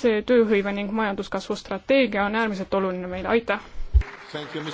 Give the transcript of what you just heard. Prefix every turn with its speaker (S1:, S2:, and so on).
S1: see tööhõive ning majanduskasvu strateegia on äärmiselt oluline meile, aitäh!